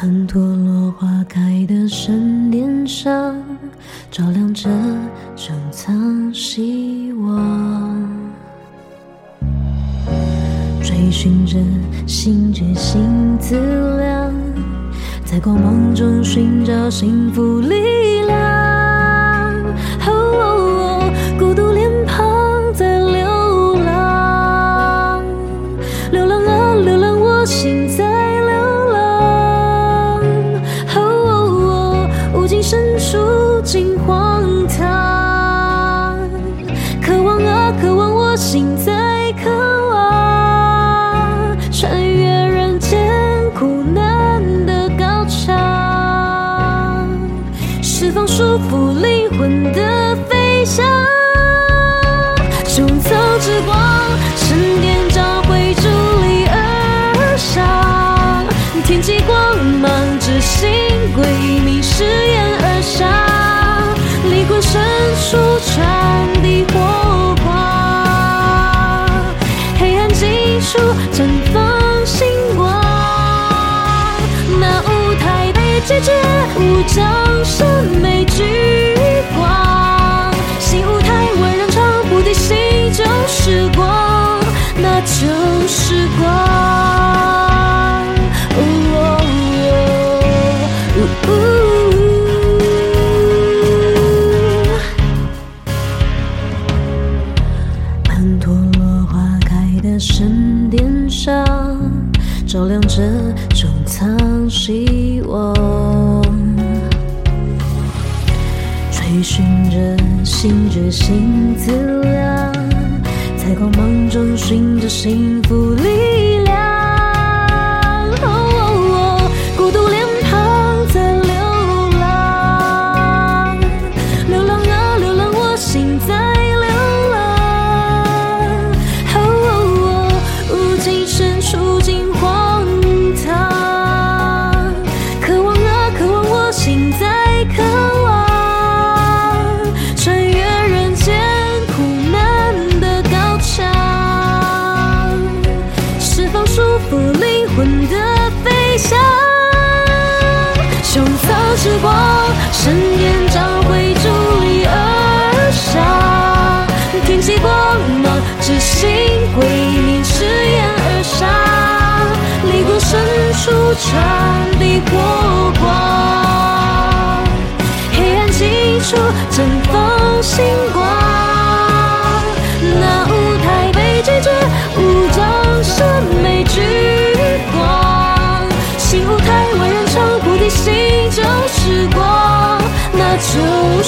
曼陀羅花開的神殿上，照亮着穹蒼希望。追尋着心覺醒資糧，在光芒中尋找幸福力量。盡荒唐，渴望啊，渴望，我心在渴望，穿越人間苦難的高牆，釋放束縛靈魂的飛翔，穹蒼之光，神殿將會矗立而上，天際光芒，志心皈命誓。深處傳遞火光，黑暗盡處綻放心光。那舞台被拒絕無掌。希望，追尋着心覺醒資糧，在光芒中尋找幸福力量。Oh, oh, oh, oh, 孤獨臉龐在流浪，流浪啊，流浪，我心在流浪。Oh, oh, oh, oh, 無盡深處，驚慌。之光，神殿將會矗立而上，天際光芒，志心皈命誓言而上，靈魂深處傳遞火光，黑暗盡處綻放心光。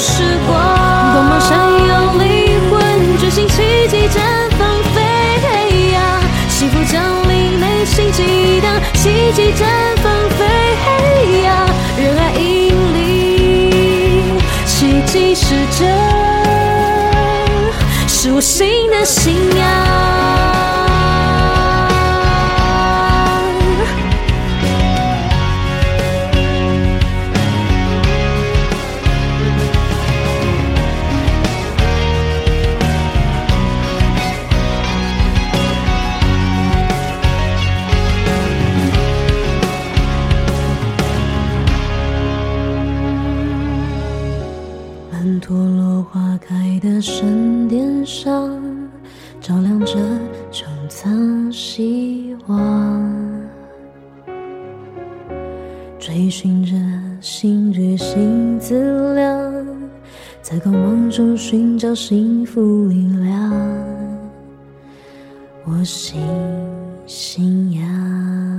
時光光芒閃耀，靈魂覺醒，奇蹟綻，綻放，飛揚，幸福降臨，內心激盪，奇蹟綻放，飛揚，讓愛引領，奇蹟實證，是我心的信。神殿上，照亮着穹蒼希望。追尋着心覺醒資糧，在光芒中尋找幸福力量。我心信仰。